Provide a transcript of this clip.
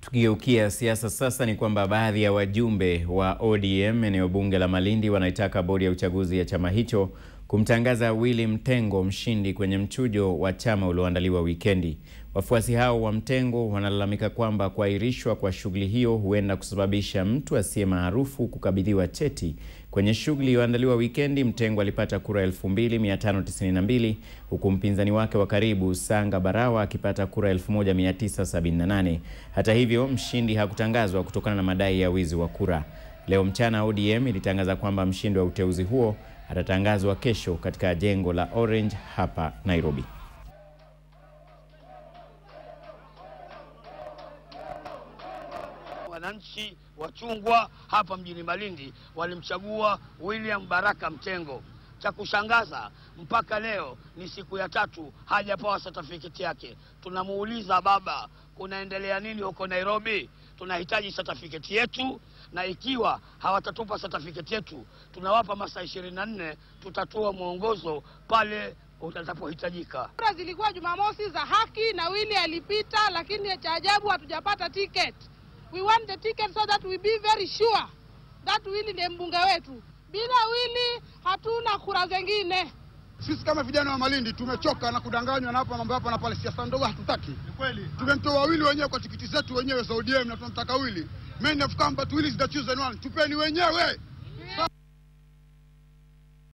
Tukigeukia siasa sasa, ni kwamba baadhi ya wajumbe wa ODM eneo bunge la Malindi wanaitaka bodi ya uchaguzi ya chama hicho kumtangaza Willy Mtengo mshindi kwenye mchujo wa chama ulioandaliwa wikendi. Wafuasi hao wa Mtengo wanalalamika kwamba kuahirishwa kwa shughuli hiyo huenda kusababisha mtu asiye maarufu kukabidhiwa cheti. Kwenye shughuli iliyoandaliwa wikendi, Mtengo alipata kura 2592 huku mpinzani wake wa karibu Sanga Barawa akipata kura 1978. Hata hivyo, mshindi hakutangazwa kutokana na madai ya wizi wa kura. Leo mchana, ODM ilitangaza kwamba mshindi wa uteuzi huo atatangazwa kesho katika jengo la Orange hapa Nairobi. Wananchi wachungwa hapa mjini Malindi walimchagua William Baraka Mtengo. Cha kushangaza mpaka leo ni siku ya tatu hajapawa certificate yake. Tunamuuliza baba, kunaendelea nini huko Nairobi? tunahitaji certificate yetu, na ikiwa hawatatupa certificate yetu, tunawapa masaa ishirini na nne, tutatoa mwongozo pale utakapohitajika. Kura zilikuwa Jumamosi za haki na Wili alipita, lakini cha ajabu hatujapata ticket. We want the ticket so that we be very sure that Wili ni mbunge wetu. Bila Wili hatuna kura zengine. Sisi kama vijana wa Malindi tumechoka na kudanganywa na hapa mambo hapa na pale, siasa ndogo hatutaki. Tumemtoa wawili wenyewe kwa tikiti zetu wenyewe za ODM na tunamtaka wili. Men of combat, wili is the chosen one. Tupeni wenyewe.